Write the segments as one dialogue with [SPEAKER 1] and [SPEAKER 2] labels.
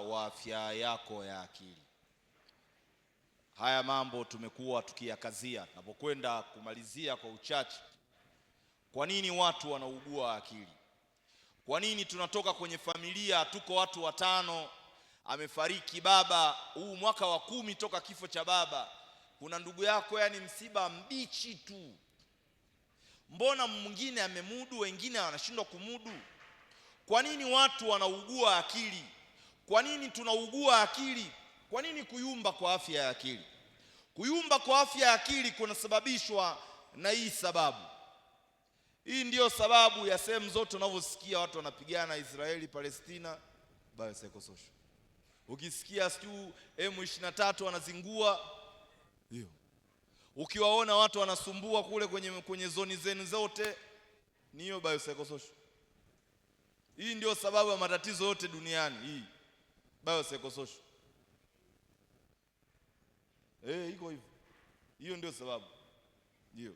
[SPEAKER 1] wa afya yako ya akili. Haya mambo tumekuwa tukiyakazia tunapokwenda kumalizia kwa uchache. Kwa nini watu wanaugua akili? Kwa nini tunatoka kwenye familia, tuko watu watano, amefariki baba, huu mwaka wa kumi toka kifo cha baba, kuna ndugu yako, yani msiba mbichi tu. Mbona mwingine amemudu, wengine wanashindwa kumudu? Kwa nini watu wanaugua akili? Kwa nini tunaugua akili? Kwa nini kuyumba kwa afya ya akili? Kuyumba kwa afya ya akili kunasababishwa na hii sababu. Hii ndiyo sababu ya sehemu zote unavyosikia watu wanapigana Israeli Palestina, biopsychosocial. Ukisikia siku M23 wanazingua hiyo, ukiwaona watu wanasumbua kule kwenye, kwenye zoni zenu zote, ni hiyo biopsychosocial. Hii ndiyo sababu ya matatizo yote duniani hii biopsychosocial. Eh, iko hivyo. Hiyo ndio sababu ndio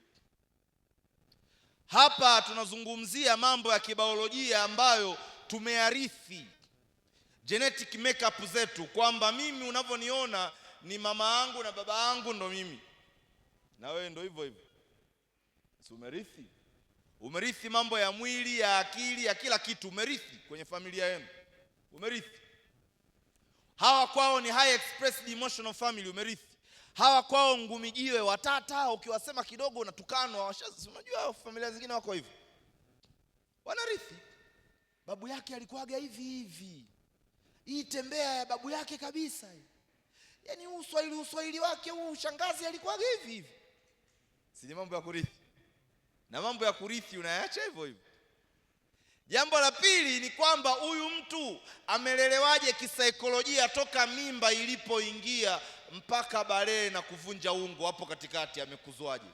[SPEAKER 1] hapa tunazungumzia mambo ya kibaolojia ambayo tumearithi genetic makeup zetu, kwamba mimi unavyoniona ni mama yangu na baba yangu ndo mimi, na wewe ndo hivyo hivyo. Si umerithi? Umerithi mambo ya mwili, ya akili, ya kila kitu, umerithi kwenye familia yenu, umerithi hawa kwao ni high expressed emotional family, umerithi hawa kwao ngumijiwe, watata, ukiwasema kidogo unatukanwa. Unajua familia zingine wako hivyo, wanarithi. Babu yake alikuaga hivi hivi, hii tembea ya babu yake kabisa, yaani uswahili uswahili wake huu, shangazi alikuaga hivi hivi. Si mambo ya kurithi, na mambo ya kurithi unayaacha hivyo hivyo Jambo la pili ni kwamba huyu mtu amelelewaje kisaikolojia toka mimba ilipoingia mpaka balee na kuvunja ungo hapo katikati, amekuzwaje?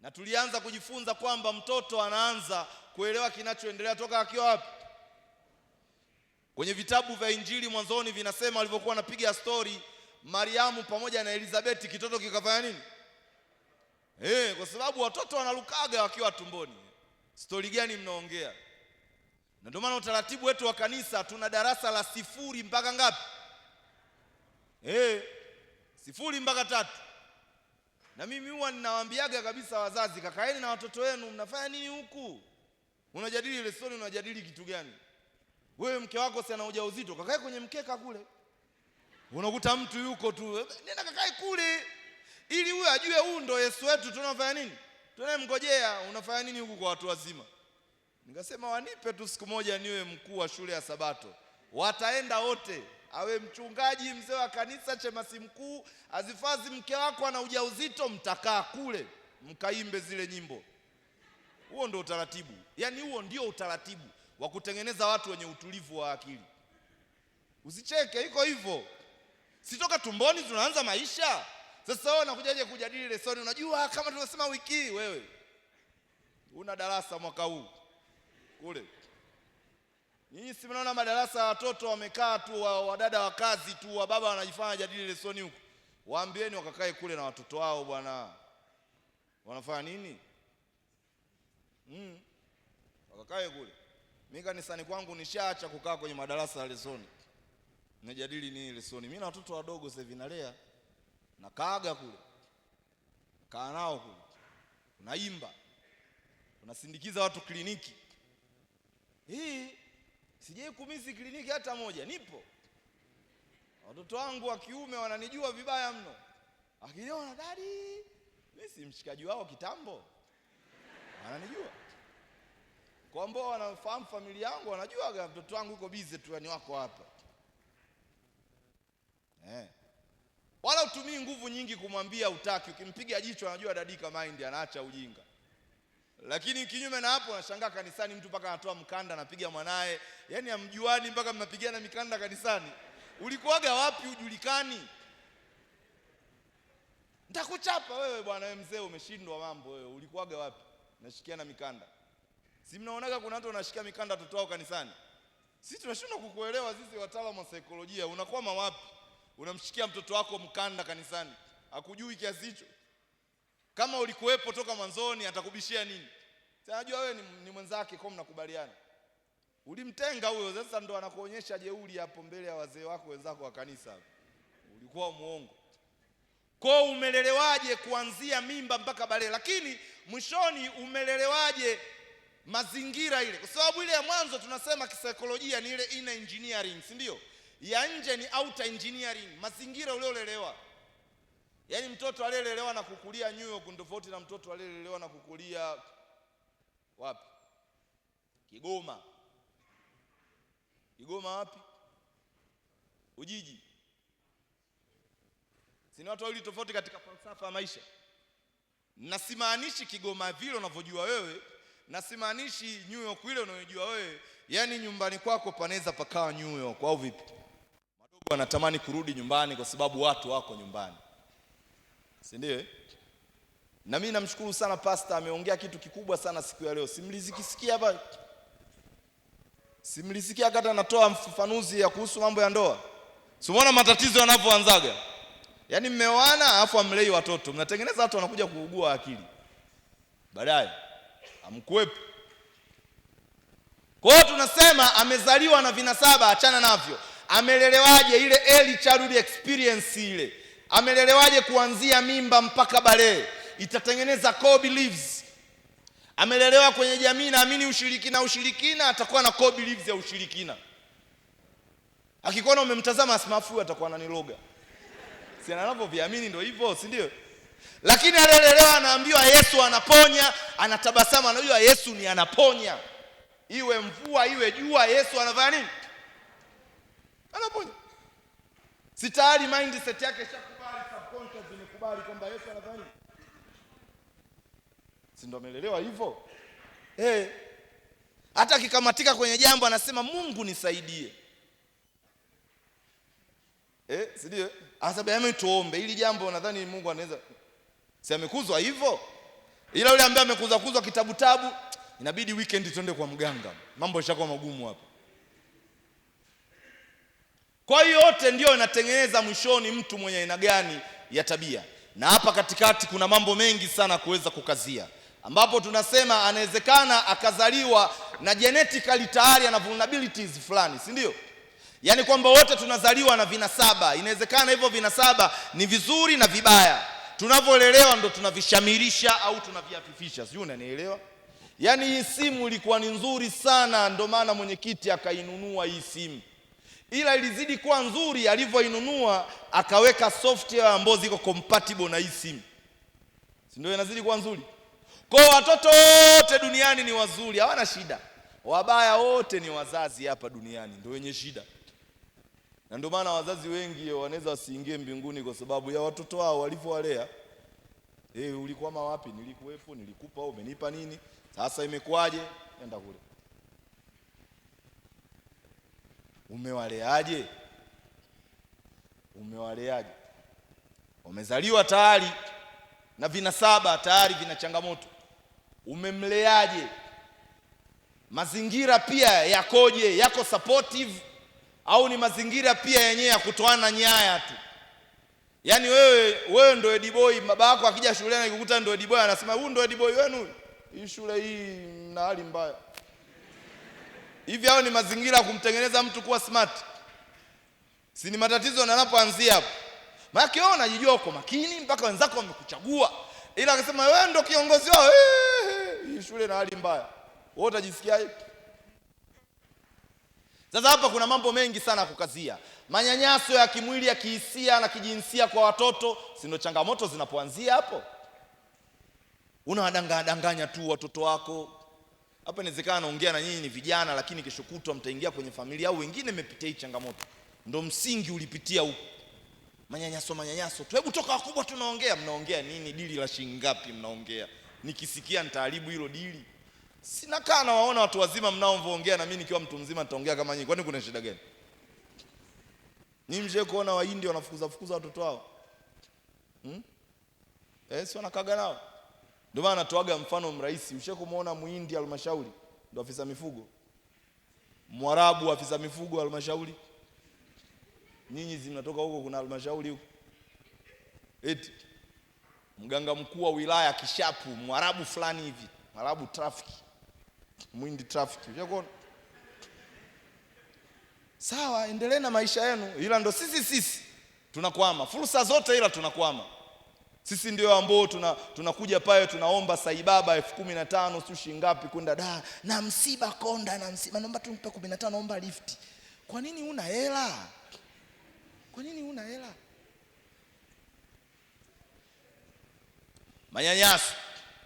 [SPEAKER 1] Na tulianza kujifunza kwamba mtoto anaanza kuelewa kinachoendelea toka akiwa wapi? Kwenye vitabu vya Injili mwanzoni vinasema walivyokuwa wanapiga stori Mariamu pamoja na Elizabeti, kitoto kikafanya nini? Eh, kwa sababu watoto wanalukaga wakiwa tumboni stori gani mnaongea? Na ndio maana utaratibu wetu wa kanisa tuna darasa la sifuri mpaka ngapi? Eh, sifuri mpaka tatu. Na mimi huwa ninawaambiaga kabisa wazazi, kakaeni na watoto wenu, mnafanya nini huku? Unajadili ile stori, unajadili kitu gani? Wewe mke wako si ana ujauzito, kakae kwenye mkeka kule. Unakuta mtu yuko tu, nenda kakae kule, ili huyo ajue, huu ndo Yesu wetu, tunafanya nini tunayemngojea unafanya nini huku kwa watu wazima? Nikasema wanipe tu siku moja niwe mkuu wa shule ya Sabato, wataenda wote, awe mchungaji, mzee wa kanisa, chemasi mkuu, azifazi, mke wako ana ujauzito, mtakaa kule mkaimbe zile nyimbo. Huo ndio utaratibu, yaani huo ndio utaratibu wa kutengeneza watu wenye utulivu wa akili. Usicheke, iko hivyo, sitoka tumboni tunaanza maisha sasa wewe unakujaje kujadili lesoni? Unajua kama tunasema wiki hii wewe una darasa mwaka huu kule. Nyinyi si mnaona madarasa ya watoto wamekaa tu, wadada wa kazi tu, wa baba wanajifanya jadili lesoni huko. Waambieni wakakae kule na watoto wao bwana, wanafanya nini? Mm, wakakae kule. Mimi kanisani kwangu nishaacha kukaa kwenye madarasa ya lesoni, najadili nini lesoni? Mimi na watoto wadogo sasa hivi nalea unakaaga kule, kaa nao kule, unaimba, unasindikiza watu kliniki. Hii sijai kumisi kliniki hata moja, nipo. Watoto wangu wa kiume wananijua vibaya mno, akiliwa na dadi, mimi si mshikaji wao kitambo, wananijua kwa ambao wanafahamu familia yangu, wanajua mtoto wangu yuko bize tu, yani wako hapa eh wala utumii nguvu nyingi kumwambia utaki. Ukimpiga jicho anajua dadika mind, anaacha ujinga. Lakini kinyume na hapo, nashangaa kanisani mtu mpaka anatoa mkanda anapiga mwanaye, yaani amjuani mpaka mnapigana mikanda kanisani. Ulikuwaga wapi? Ujulikani? Nitakuchapa wewe bwana, wewe mzee, umeshindwa mambo wewe. Ulikuwaga wapi? Nashikiana mikanda, si mnaonaga kuna watu wanashikia mikanda watoto wao kanisani? Sisi tunashindwa kukuelewa, sisi wataalamu wa saikolojia, unakwama wapi? unamshikia mtoto wako mkanda kanisani, akujui kiasi hicho. Kama ulikuwepo toka mwanzoni, atakubishia nini? Najua wewe ni, ni mwenzake kwa mnakubaliana. Ulimtenga huyo, sasa ndo anakuonyesha jeuri hapo mbele ya wazee wako wenzako wa kanisa Ulikuwa muongo. Kwa umelelewaje kuanzia mimba mpaka bale, lakini mwishoni umelelewaje mazingira ile, kwa sababu ile ya mwanzo tunasema kisaikolojia ni ile ina engineering, si ndio? ya nje ni outer engineering, mazingira uliolelewa. Yaani mtoto aliyelelewa na kukulia New York ni tofauti na mtoto aliyelelewa na kukulia wapi? Kigoma. Kigoma wapi? Ujiji. Sina watu wawili tofauti katika falsafa ya maisha. Nasimaanishi Kigoma vile unavyojua wewe, nasimaanishi New York ile unayojua wewe. Yaani nyumbani kwako panaweza pakawa New York au vipi? wanatamani kurudi nyumbani kwa sababu watu wako nyumbani, si ndio? Eh? Na mimi namshukuru sana pasta, ameongea kitu kikubwa sana siku ya leo. Simlizikisikia hapa, simlisikia hata anatoa mfafanuzi ya kuhusu mambo ya ndoa. Simuona matatizo yanapoanzaga, yaani mmeoana alafu amlei watoto, mnatengeneza watu wanakuja kuugua akili, baadaye amkuwepo. Kwa hiyo tunasema amezaliwa na vinasaba, achana navyo amelelewaje, ile early childhood experience ile, amelelewaje kuanzia mimba mpaka balee, itatengeneza core beliefs. Amelelewa kwenye jamii naamini ushirikina, ushirikina atakuwa na core beliefs ya ushirikina. Akikuona umemtazama smafu atakuwa naniloga si anavyoviamini ndio hivyo, si ndio? Lakini alelelewa anaambiwa Yesu anaponya, anatabasama anajua Yesu ni anaponya, iwe mvua iwe jua, Yesu anafanya nini? Anavunja. Si tayari mindset yake ishakubali, subconscious imekubali kwamba Yesu anafanya Si ndo amelelewa hivyo? Eh. Hata akikamatika kwenye jambo anasema Mungu nisaidie. Eh, si ndio? Asabe yame yaani tuombe ili jambo nadhani Mungu anaweza. Si amekuzwa hivyo? Ila yule ambaye amekuzwa kuzwa kitabu tabu inabidi weekend tuende kwa mganga. Mambo yashakuwa magumu hapa. Kwa hiyo yote ndio inatengeneza mwishoni mtu mwenye aina gani ya tabia, na hapa katikati kuna mambo mengi sana kuweza kukazia, ambapo tunasema anawezekana akazaliwa na genetically tayari ana vulnerabilities fulani, si ndio? Yaani kwamba wote tunazaliwa na vinasaba, inawezekana hivyo vinasaba ni vizuri na vibaya tunavyolelewa ndo tunavishamirisha au tunaviafifisha, sijui unanielewa? Yaani hii simu ilikuwa ni nzuri sana, ndo maana mwenyekiti akainunua hii simu ila ilizidi kuwa nzuri. Alivyoinunua akaweka software ambazo ziko compatible na hii simu, si ndio? Inazidi kuwa nzuri Kwa Watoto wote duniani ni wazuri, hawana shida. Wabaya wote ni wazazi hapa duniani, ndio wenye shida, na ndio maana wazazi wengi wanaweza wasiingie mbinguni kwa sababu ya watoto wao walivyowalea. Eh, ulikwama wapi? Nilikuwepo, nilikupa, umenipa nini? Sasa imekuwaje? Nenda kule. umewaleaje? Umewaleaje? Wamezaliwa tayari na vina saba tayari vina changamoto, umemleaje? Mazingira pia yakoje? Yako supportive au ni mazingira pia yenyewe ya kutoana nyaya tu? Yaani wewe wewe ndio ediboy, baba yako akija shuleni akikukuta ndio ediboy, anasema huyu ndio ediboy wenu, hii shule hii na hali mbaya. Hivi hao ni mazingira ya kumtengeneza mtu kuwa smart? Si ni matatizo yanapoanzia hapo. Maana wewe unajijua uko makini mpaka wenzako wamekuchagua, ila akasema wewe ndio kiongozi wao, hii shule na hali mbaya, wewe utajisikiaje? Sasa hapa kuna mambo mengi sana ya kukazia: manyanyaso ya kimwili, ya kihisia na kijinsia kwa watoto, si ndio changamoto zinapoanzia hapo? Unawadanganya danganya tu watoto wako hapa inawezekana naongea na nyinyi ni vijana, lakini kesho kutwa mtaingia kwenye familia au wengine mmepitia hii changamoto, ndo msingi ulipitia huko, manyanyaso manyanyaso tu. Hebu toka wakubwa tunaongea, mnaongea nini? Dili la shilingi ngapi mnaongea? Nikisikia nitaharibu hilo dili. Sina kaa na waona watu wazima mnaoongea, na mimi nikiwa mtu mzima nitaongea kama nyinyi. Kwani kuna shida gani? Ni mje kuona Wahindi wanafukuza fukuza watoto wao hmm? Eh, si wanakaga nao ndio maana natoaga mfano mrahisi. Ushe kumwona muhindi halmashauri ndo afisa mifugo, mwarabu afisa mifugo halmashauri. Nyinyi zimnatoka huko, kuna halmashauri huko, eti mganga mkuu wa wilaya Kishapu mwarabu fulani hivi, mwarabu trafiki, muhindi trafiki. Ushakuona? Sawa, endelee na maisha yenu, ila ndo sisi sisi tunakwama fursa zote, ila tunakwama sisi ndio ambao tuna tunakuja pale tunaomba saibaba elfu kumi na tano sio shingapi kwenda da na msiba konda na msiba naomba tumpe 15 naomba lifti. Kwa nini una hela? Kwa nini una hela? Manyanyaso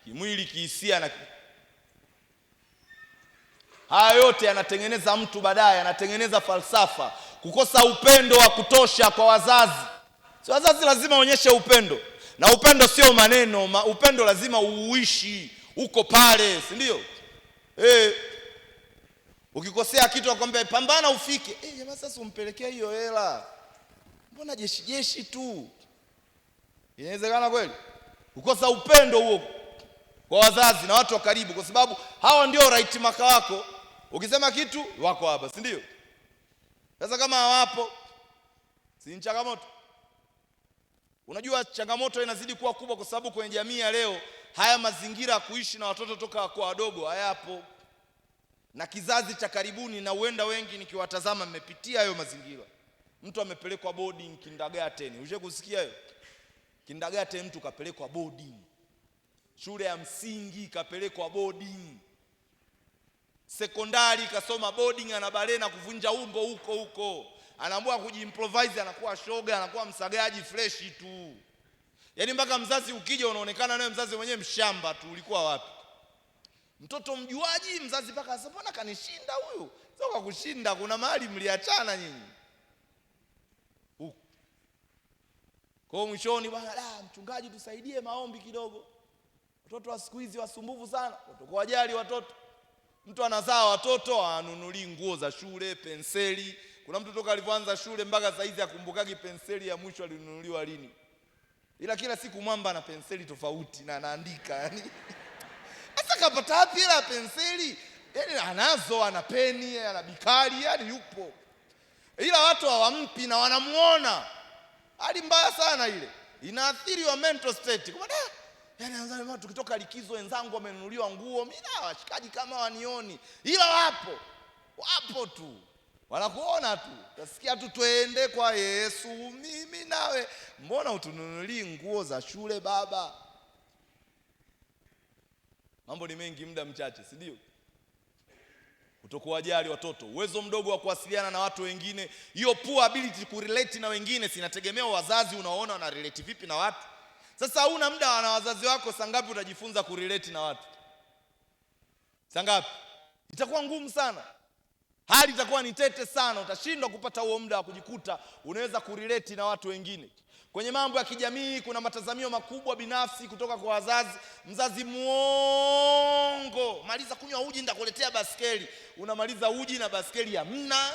[SPEAKER 1] kimwili, kihisia na haya yote yanatengeneza mtu baadaye, yanatengeneza falsafa, kukosa upendo wa kutosha kwa wazazi. Si wazazi lazima waonyeshe upendo na upendo sio maneno, upendo lazima uuishi, uko pale, si ndio? Eh, ukikosea kitu akwambia pambana ufike. Eh, jamaa sasa umpelekea hiyo hela, mbona jeshi jeshi tu? Inawezekana kweli ukosa upendo huo kwa wazazi na watu wa karibu, kwa sababu hawa ndio right maka wako. Ukisema kitu wako hapa, si ndio? Sasa kama hawapo, si changamoto. Unajua changamoto inazidi kuwa kubwa kwa sababu kwenye jamii ya leo haya mazingira ya kuishi na watoto toka kwa wadogo hayapo, na kizazi cha karibuni, na huenda wengi nikiwatazama mmepitia hayo mazingira. Mtu amepelekwa boarding kindergarten, ushe kusikia hiyo kindergarten? Mtu kapelekwa boarding, shule ya msingi kapelekwa boarding, sekondari kasoma boarding, ana na kuvunja umbo huko huko anaamua kujimprovise, anakuwa shoga, anakuwa msagaji fresh tu, yaani mpaka mzazi ukija unaonekana naye mzazi mwenyewe mshamba tu. Ulikuwa wapi? Mtoto mjuaji, mzazi mpaka sasa, mbona kanishinda huyu? Sio kushinda, kuna mahali mliachana nyinyi Kwa mwishoni, bwana da, mchungaji, tusaidie maombi kidogo, watoto wa siku hizi wasumbufu sana, wajali watoto Mtu anazaa watoto anunulii nguo za shule, penseli, kuna mtu toka alipoanza shule mpaka saa hizi akumbukagi penseli ya mwisho alinunuliwa lini, ila kila siku mwamba ana penseli tofauti na anaandika yani. Sasa kapata wapi ile penseli? Yani anazo, ana peni, ana bikali, yani yupo, ila watu hawampi na wanamuona. Hali mbaya sana ile, inaathiri wa mental state kwa Yani, tukitoka likizo wenzangu wamenunuliwa nguo, mimi na washikaji kama wanioni, ila wapo wapo tu wanakuona tu, utasikia tu twende kwa Yesu. Mimi nawe mbona utununulii nguo za shule baba? Mambo ni mengi, muda mchache, si ndio? Kutokuwajali watoto, uwezo mdogo wa kuwasiliana na watu wengine, hiyo poor ability kurelate na wengine, sinategemea wazazi. Unaona wana relate vipi na watu? Sasa huna muda na wazazi wako, sangapi utajifunza kurelate na watu? Sangapi? Itakuwa ngumu sana hali itakuwa ni tete sana, utashindwa kupata huo muda wa kujikuta unaweza kurileti na watu wengine. Kwenye mambo ya kijamii kuna matazamio makubwa binafsi kutoka kwa wazazi. Mzazi mwongo, maliza kunywa uji, ndakuletea baskeli. Unamaliza uji na baskeli mna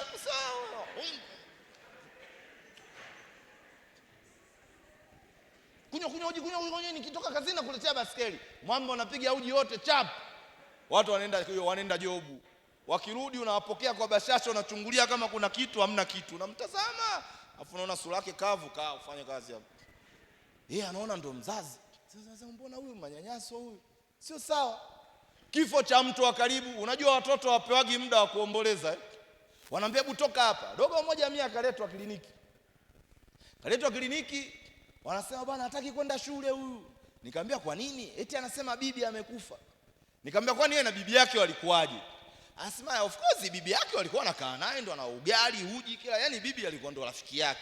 [SPEAKER 1] Kunywa kunywa uji, kunywa uji, nikitoka kazini nakuletea baskeli. Mwamba unapiga uji wote chap, watu wanaenda wanaenda jobu. Wakirudi unawapokea kwa bashasha, unachungulia kama kuna kitu, hamna kitu, unamtazama afu unaona sura yake kavu, kaa ufanye kazi hapo. Yeye anaona ndo mzazi. Sasa mbona huyu manyanyaso huyu, sio sawa. Kifo cha mtu wa karibu, unajua watoto wapewagi muda wa kuomboleza eh? Wanaambia hebu toka hapa. Dogo mmoja mimi akaletwa kliniki, kaletwa kliniki, wanasema bwana hataki kwenda shule huyu. Nikamwambia kwa nini? Eti anasema bibi amekufa. Nikamwambia kwani yeye na bibi yake walikuwaje? Asma of course bibi yake walikuwa wanakaa naye ndo ana ugali uji kila, yani bibi alikuwa ndo rafiki yake,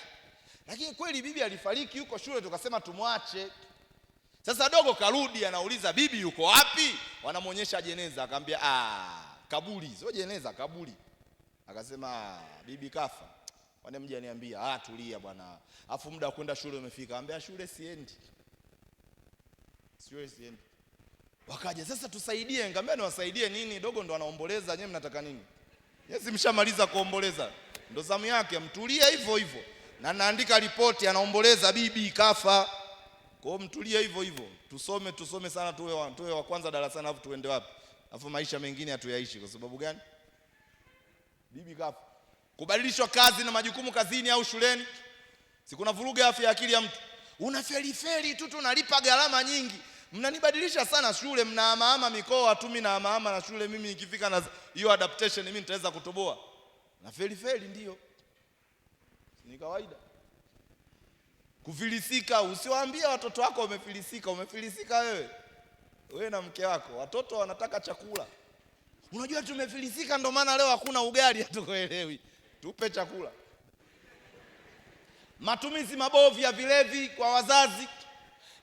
[SPEAKER 1] lakini kweli bibi alifariki huko shule, tukasema tumwache. Sasa dogo karudi, anauliza bibi yuko wapi? Wanamwonyesha jeneza, akamwambia ah, kaburi sio jeneza, kaburi. Akasema bibi kafa. Wanemja aniambia, ah, tulia bwana, afu muda wa kwenda shule umefika. Ambia shule siendi, shule siendi Wakaja sasa, tusaidie. Nikamwambia niwasaidie nini? Dogo ndo anaomboleza, nyewe mnataka nini? Yesi mshamaliza kuomboleza, ndo zamu yake, mtulie hivyo hivyo. Na naandika ripoti, anaomboleza bibi kafa. Kwa mtulie hivyo hivyo, tusome tusome sana, tuwe wa, tuwe wa kwanza darasani, alafu tuende wapi? Alafu maisha mengine hatuyaishi. Kwa sababu gani? Bibi kafa, kubadilishwa kazi na majukumu kazini au shuleni, si kuna vuruga afya ya akili ya mtu, unaferiferi tu, tunalipa gharama nyingi Mnanibadilisha sana shule, mnaamaama mikoa tu, mimi naamaama na shule. Mimi ikifika na hiyo adaptation, mimi nitaweza kutoboa na feli feli, ndio ni kawaida. Kufilisika, usiwaambie watoto wako wamefilisika. Umefilisika wewe, wewe na mke wako. Watoto wanataka chakula. Unajua tumefilisika, ndio maana leo hakuna ugali, hatukuelewi. Tupe chakula. Matumizi mabovu ya vilevi kwa wazazi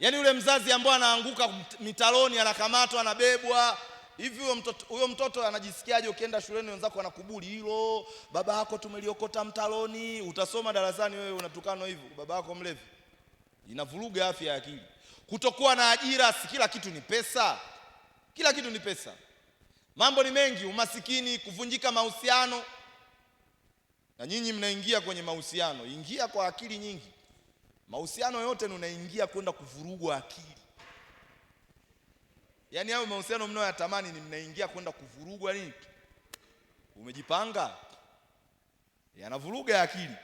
[SPEAKER 1] Yaani yule mzazi ambaye anaanguka mitaloni, anakamatwa, anabebwa hivi, huyo mtoto, huyo mtoto anajisikiaje? Ukienda shuleni wenzako wanakubuli hilo, baba yako tumeliokota mtaloni, utasoma darasani wewe unatukano hivyo, baba yako mlevi. Inavuruga afya ya akili. Kutokuwa na ajira, si kila kitu ni pesa, kila kitu ni pesa. Mambo ni mengi, umasikini, kuvunjika mahusiano. Na nyinyi mnaingia kwenye mahusiano, ingia kwa akili nyingi. Mahusiano yote unaingia kwenda kuvurugwa akili. Yaani hayo mahusiano mnao yatamani ni mnaingia kwenda kuvurugwa nini? Umejipanga? Yanavuruga ya akili.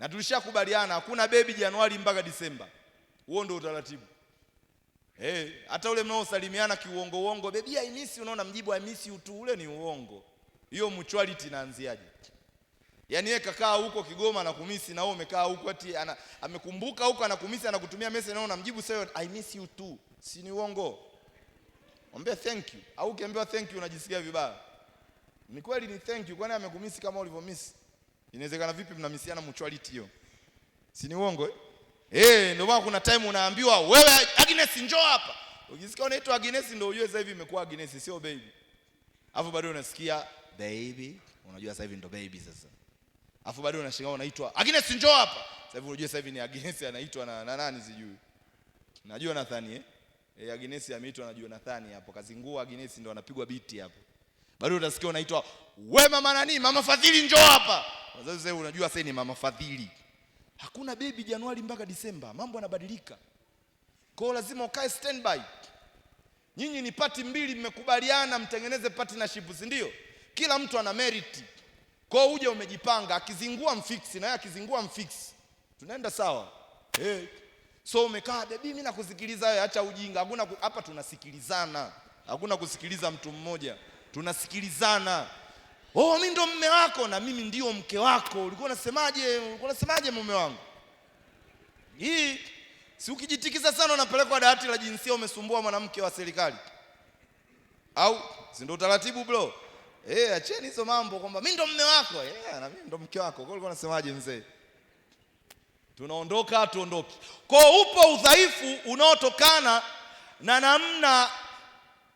[SPEAKER 1] Na tulishakubaliana hakuna bebi Januari mpaka Disemba. Huo ndio utaratibu. Hey, eh, hata ule mnaosalimiana kiuongo uongo, baby I miss you, unaona mjibu I miss you tu, ule ni uongo. Hiyo mutuality inaanziaje? Yaani yeye kakaa huko Kigoma na kumisi na wewe umekaa huko ati ana, amekumbuka huko anakumisi anakutumia message na unamjibu sayo I miss you too. Si ni uongo? Mwambie thank you. Au ukiambiwa thank you unajisikia vibaya. Ni kweli ni thank you kwani amekumisi kama ulivyomisi. Inawezekana vipi mnamisiana mutuality hiyo? Si ni uongo eh? Eh, ndio maana kuna time unaambiwa wewe Agnes njoo hapa. Ukisikia unaitwa Agnes ndio ujue sasa hivi imekuwa Agnes sio baby. Alafu bado unasikia baby, unajua sasa hivi ndio baby sasa afu bado unashangaa unaitwa Agnes, njoo hapa. Sasa hivi unajua, sasa hivi ni Agnes anaitwa na, na nani sijui Najua Jonathan eh? E, Agnes ameitwa na Jonathan hapo, kazingua Agnes ndo anapigwa biti hapo. Bado utasikia unaitwa we mama nani, mama Fadhili, njoo hapa. Sasa sasa unajua sasa ni mama Fadhili. Hakuna baby Januari mpaka Disemba, mambo yanabadilika. Kwa hiyo lazima ukae standby. Nyinyi ni pati mbili, mmekubaliana mtengeneze partnership, si ndio? Kila mtu ana merit. Kwa uje umejipanga, akizingua mfiksi na yeye akizingua mfiksi, tunaenda sawa hey. Eh. So umekaa bebi, mimi nakusikiliza wewe, acha ujinga. Hakuna hapa, tunasikilizana, hakuna kusikiliza mtu mmoja, tunasikilizana. Oh, mimi ndo mume wako na mimi ndio mke wako. Ulikuwa unasemaje? Ulikuwa unasemaje mume wangu? Hii si ukijitikiza sana unapelekwa dawati la jinsia, umesumbua mwanamke wa serikali, au si utaratibu bro? Eh, acheni hizo mambo kwamba mimi ndo mume wako eh, na mimi ndo mke wako. Kwa hiyo unasemaje mzee? Tunaondoka tuondoke. Kwa upo udhaifu unaotokana na namna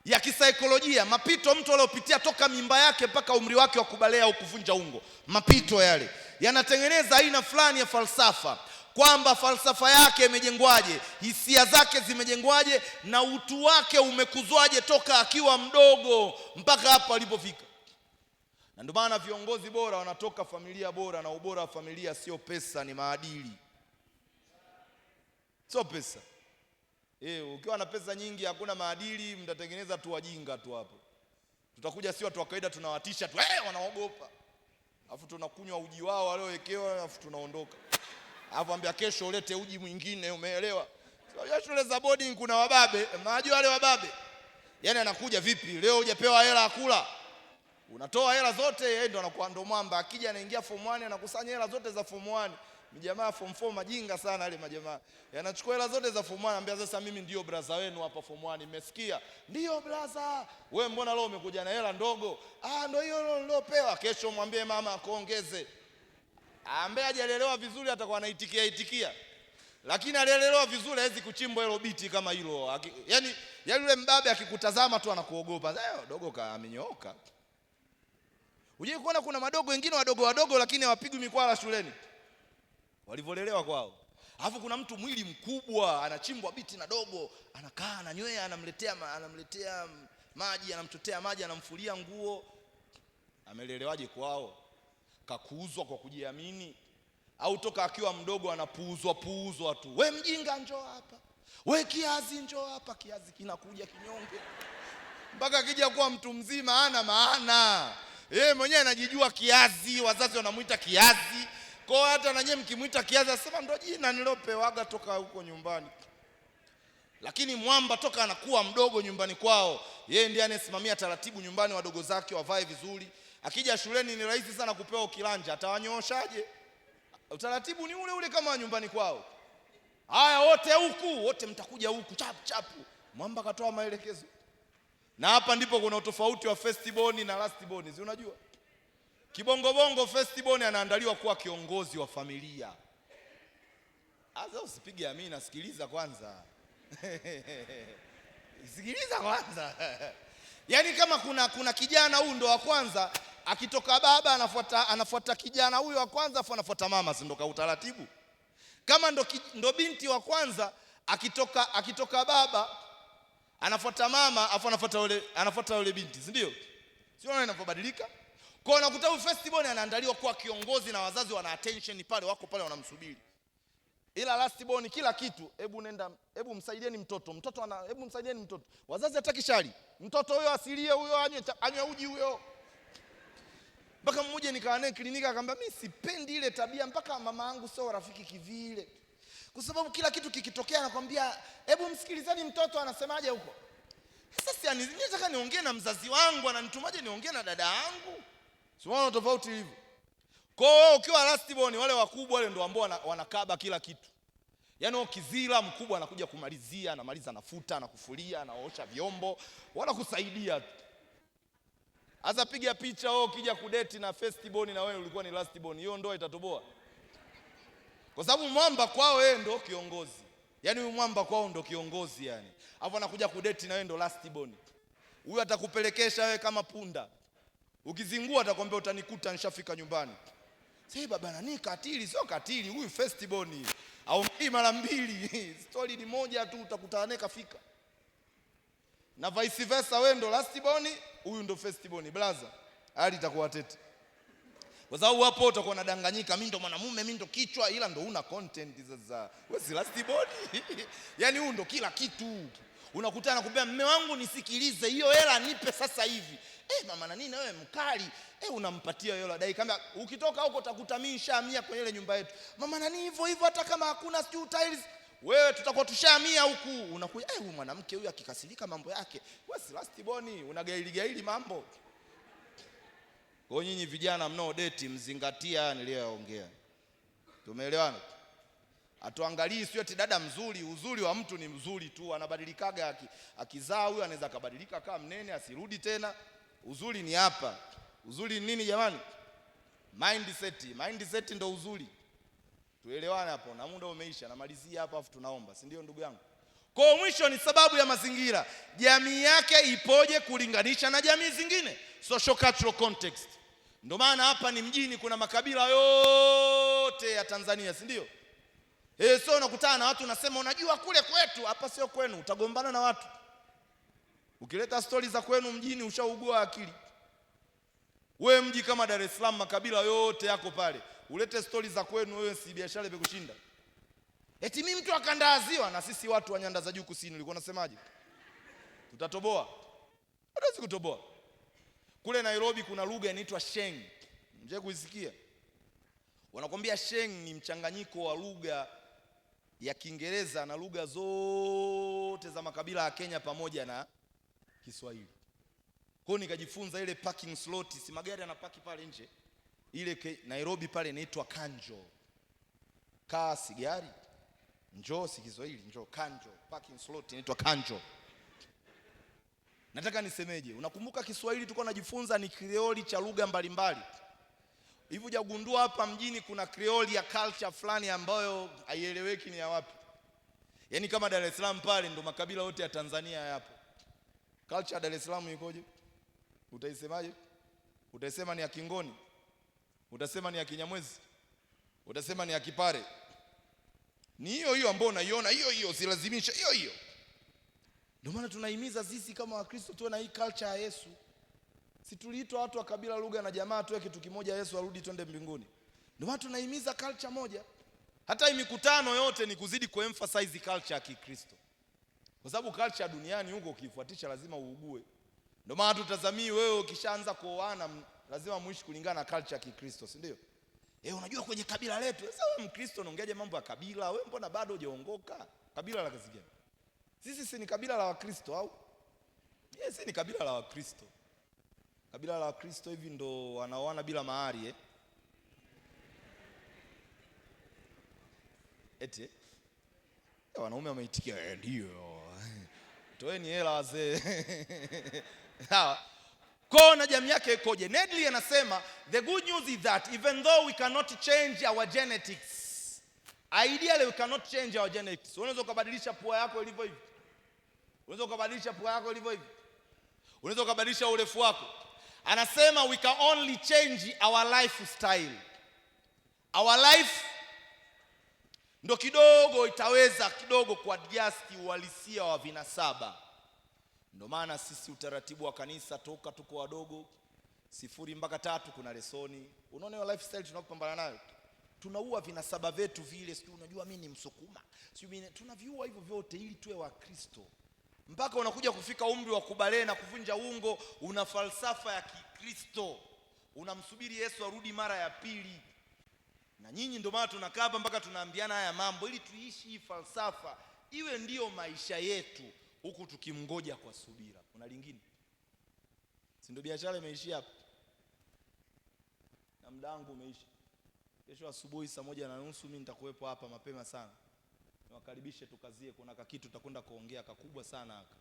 [SPEAKER 1] ya kisaikolojia, mapito mtu aliyopitia toka mimba yake mpaka umri wake wa kubalea au kuvunja ungo. Mapito yale yanatengeneza aina fulani ya falsafa kwamba falsafa yake imejengwaje, hisia zake zimejengwaje, na utu wake umekuzwaje toka akiwa mdogo mpaka hapo alipofika. Na ndio maana viongozi bora wanatoka familia bora, na ubora wa familia sio pesa, ni maadili, sio pesa. Eh, ukiwa na pesa nyingi hakuna maadili, mtatengeneza tu wajinga tu hapo. Tutakuja si watu wa kawaida, tunawatisha tu eh, wanaogopa, alafu tunakunywa uji wao waliowekewa, alafu tunaondoka, alafu ambia kesho ulete uji mwingine. Umeelewa? Unajua shule za boarding kuna wababe, mnajua wale wababe, yaani anakuja vipi leo, hujapewa hela ya kula unatoa hela zote, yeye ndo anakuwa ndo mwamba. Akija anaingia form 1 anakusanya hela zote za form 1. Mjamaa form 4 majinga sana yale majamaa, yanachukua hela zote za form 1, anambia sasa mimi ndio brother wenu hapa form 1, nimesikia ndio brother. Wewe mbona leo umekuja na hela ndogo? Ah, ndio hiyo nilopewa. Kesho mwambie mama akoongeze. Ambaye hajalelewa vizuri atakuwa anaitikia itikia, lakini alielelewa vizuri hawezi kuchimbwa hilo biti kama hilo. Yaani yule mbabe akikutazama tu anakuogopa, Eh, dogo kamenyooka. Unajui kuona kuna madogo wengine wadogo wadogo, lakini hawapigwi mikwala shuleni walivyolelewa kwao. Alafu kuna mtu mwili mkubwa anachimbwa biti na dogo, anakaa ananywea, anamletea anamletea maji, anamchotea maji, anamfulia nguo. Amelelewaje kwao? Kakuuzwa kwa kujiamini au toka akiwa mdogo anapuuzwa puuzwa tu, we mjinga, njoo hapa, we kiazi, njoo hapa. Kiazi kinakuja kinyonge mpaka akija kuwa mtu mzima, ana maana yeye mwenyewe anajijua kiazi, wazazi wanamuita kiazi. Kwa hiyo hata na mkimwita kiazi asema ndo jina nilopewaga toka huko nyumbani. Lakini mwamba toka anakuwa mdogo nyumbani kwao, yeye ndiye anayesimamia taratibu nyumbani, wadogo zake wavae vizuri. Akija shuleni ni rahisi sana kupewa ukilanja, atawanyooshaje? Utaratibu ni ule ule kama nyumbani kwao. Haya, wote huku, wote mtakuja huku, chap chapu. Mwamba katoa maelekezo na hapa ndipo kuna utofauti wa born na born. Si unajua kibongobongo, born anaandaliwa kuwa kiongozi wa familia. Aza usipige amina, sikiliza kwanza sikiliza kwanza yaani kama kuna, kuna kijana huyu ndo wa kwanza akitoka baba anafuata, anafuata kijana huyo wa kwanza afu anafuata mama, si ndo ka utaratibu? Kama ndo, ndo binti wa kwanza akitoka, akitoka baba anafuata mama afu anafuata yule anafuata yule binti, si ndio? Sio unaona inavyobadilika? Kwa unakuta huyu first born anaandaliwa kuwa kiongozi na wazazi wana attention pale, wako pale wanamsubiri, ila last born kila kitu, hebu nenda, hebu msaidieni mtoto, mtoto ana, hebu msaidieni mtoto. Wazazi hataki shari, mtoto huyo asilie, huyo anywe anywe uji huyo. Mpaka mmoja nikawa naye kliniki, akamwambia mimi sipendi ile tabia, mpaka mama yangu sio rafiki kivile kwa sababu kila kitu kikitokea anakwambia, hebu msikilizeni mtoto anasemaje huko. Sasa nataka niongee na mzazi wangu, ananitumaje niongee na dada yangu? Si Siona tofauti hivyo. Kwa hiyo ukiwa last born, wale wakubwa wale ndio ambao wanakaba kila kitu, yaani ukizila mkubwa anakuja kumalizia, anamaliza, anafuta, anakufulia, anaosha vyombo, wala kusaidia tu Azapiga picha wewe ukija kudeti na first born na wewe ulikuwa ni last born. Hiyo ndoa itatoboa? kwa sababu mwamba kwao yeye ndo kiongozi yaani, huyu mwamba kwao ndo kiongozi yani, Hapo anakuja kudeti na wewe ndo last born. Huyu atakupelekesha wewe kama punda, ukizingua atakwambia utanikuta nishafika nyumbani. Sasa baba nani katili? Sio katili huyu, first born au mara mbili stori ni moja tu, utakutana naye kafika na vice versa, wewe ndo last born, huyu ndo first born. Brother, hali itakuwa tete kwa sababu hapo utakuwa unadanganyika, mimi ndo mwanamume, mimi ndo kichwa, ila ndo una content sasa. Wewe si last body yani huyu ndo kila kitu. Unakutana kumwambia mme wangu nisikilize, hiyo hela nipe sasa hivi. Eh, mama na nini wewe mkali eh, unampatia hiyo dai, kamba ukitoka huko utakuta mimi nishahamia kwenye ile nyumba yetu. Mama na nini hivyo hivyo, hata kama hakuna sijui tiles wewe tutakuwa tushamia huku. Unakuja eh, huyu mwanamke huyu akikasirika mambo yake, wewe si last boni, unagailigaili mambo kwa nyinyi vijana deti, mzingatie haya niliyoyaongea. Tumeelewana? Atuangalii sio ati dada mzuri, uzuri wa mtu ni mzuri tu, anabadilikaga akizaa, huyo anaweza akabadilika kama mnene asirudi tena. Uzuri ni hapa. Uzuri ni nini jamani? Mindset. Mindset ndo uzuri. Tuelewane hapo, na muda umeisha, namalizia hapa afu tunaomba, si ndio ndugu yangu? Kwa mwisho ni sababu ya mazingira, jamii yake ipoje kulinganisha na jamii zingine, social cultural context. Ndio maana hapa ni mjini, kuna makabila yote ya Tanzania, si ndio? Eh, sio unakutana na watu unasema unajua kule kwetu, hapa sio kwenu, utagombana na watu. Ukileta stori za kwenu mjini ushaugua akili. We mji kama Dar es Salaam, makabila yote yako pale, ulete stori za kwenu wewe, si biashara imekushinda. Eti mimi mtu akandaaziwa, na sisi watu wa nyanda za juu kusini ulikuwa unasemaje? Tutatoboa? Hatuwezi kutoboa. Kule Nairobi kuna lugha inaitwa Sheng. Mje kuisikia? Wanakwambia Sheng ni mchanganyiko wa lugha ya Kiingereza na lugha zote za makabila ya Kenya pamoja na Kiswahili. Kwa nikajifunza ile parking slot, si magari yanapaki pale nje. Ile Nairobi pale inaitwa kanjo. Kaa si gari. Njoo si Kiswahili, njoo kanjo. Parking slot inaitwa kanjo. Nataka nisemeje? Unakumbuka Kiswahili tulikuwa tunajifunza ni kreoli cha lugha mbalimbali. Hivi hujagundua hapa mjini kuna kreoli ya culture fulani ambayo haieleweki ni ya wapi? Yaani kama Dar es Salaam pale ndo makabila yote ya Tanzania yapo. Culture ya Dar es Salaam ikoje? Utaisemaje? Utasema ni ya Kingoni? Utasema ni ya Kinyamwezi? Utasema ni ya Kipare? Ni hiyo hiyo ambayo unaiona hiyo hiyo, silazimisha hiyo hiyo. Ndio maana tunahimiza sisi kama Wakristo tuwe na hii culture ya Yesu. Si tuliitwa watu wa kabila, lugha na jamaa, tuwe kitu kimoja, Yesu arudi, twende mbinguni. Ndio maana tunahimiza culture moja. Hata hii mikutano yote ni kuzidi kuemphasize culture ya Kikristo, kwa sababu culture duniani huko ukifuatisha lazima uugue. Ndio maana tutazamii wewe ukishaanza kuoana lazima muishi kulingana na culture ya Kikristo, si ndio? Eh, unajua kwenye kabila letu. Sasa wewe Mkristo unaongeaje mambo ya kabila? Wewe mbona bado hujaongoka? Kabila la kazi gani? Sisi si ni kabila la Wakristo au? Yes, si ni kabila la Wakristo. Kabila la Wakristo hivi ndo wanaoana bila mahari eh? Eti eh? ya, wanaume wameitikia eh, ndio, toeni hela wazee. Sawa. Kwa na jamii yake ikoje? Nedley anasema the good news is that even though we cannot change our genetics, ideally we cannot change our genetics. Unaweza ukabadilisha pua yako ilivyo hivi Unaweza ukabadilisha pua yako ilivyo hivi, unaweza ukabadilisha urefu wako. Anasema we can only change our lifestyle. Our life ndo kidogo itaweza kidogo adjust uhalisia wa vinasaba. Ndio maana sisi utaratibu wa kanisa toka tuko wadogo sifuri mpaka tatu kuna lesoni. Unaona hiyo lifestyle tunapambana nayo, tunaua vinasaba vyetu vile, sijui unajua mimi ni Msukuma, sijui mimi, tunaviua hivyo vyote ili tuwe Wakristo mpaka unakuja kufika umri wa kubalehe na kuvunja ungo, una falsafa ya Kikristo, unamsubiri Yesu arudi mara ya pili. Na nyinyi ndio maana tunakaa hapa mpaka tunaambiana haya mambo, ili tuishi hii falsafa iwe ndiyo maisha yetu, huku tukimngoja kwa subira. Kuna lingine, si ndio? Biashara imeishia hapa na mdangu umeisha. Kesho asubuhi saa moja na nusu mimi nitakuwepo hapa mapema sana niwakaribishe tukazie, kuna kakitu tutakwenda kuongea kakubwa sana haka,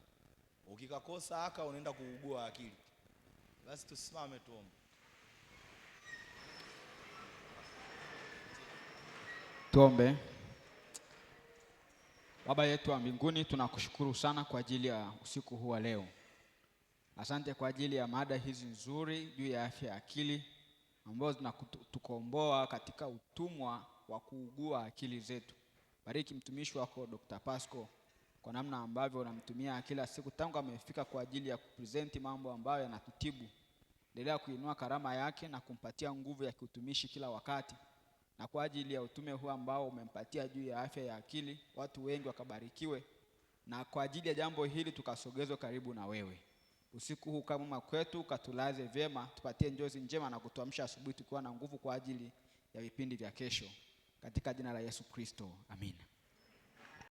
[SPEAKER 1] ukikakosa haka unaenda kuugua akili. Basi tusimame tuombe. Tuombe. Baba yetu wa mbinguni, tunakushukuru sana kwa ajili ya usiku huu wa leo. Asante kwa ajili ya mada hizi nzuri juu ya afya ya akili ambazo zinatukomboa katika utumwa wa kuugua akili zetu. Bariki mtumishi wako Dr. Pasco kwa namna ambavyo unamtumia kila siku tangu amefika kwa ajili ya kupresenti mambo ambayo yanatutibu. Endelea kuinua karama yake na kumpatia nguvu ya kiutumishi kila wakati, na kwa ajili ya utume huu ambao umempatia juu ya afya ya akili, watu wengi wakabarikiwe, na kwa ajili ya jambo hili tukasogezwe karibu na wewe. Usiku huu kama kwetu, katulaze vyema, tupatie njozi njema na kutuamsha asubuhi tukiwa na nguvu kwa ajili ya vipindi vya kesho katika jina la Yesu Kristo, amina.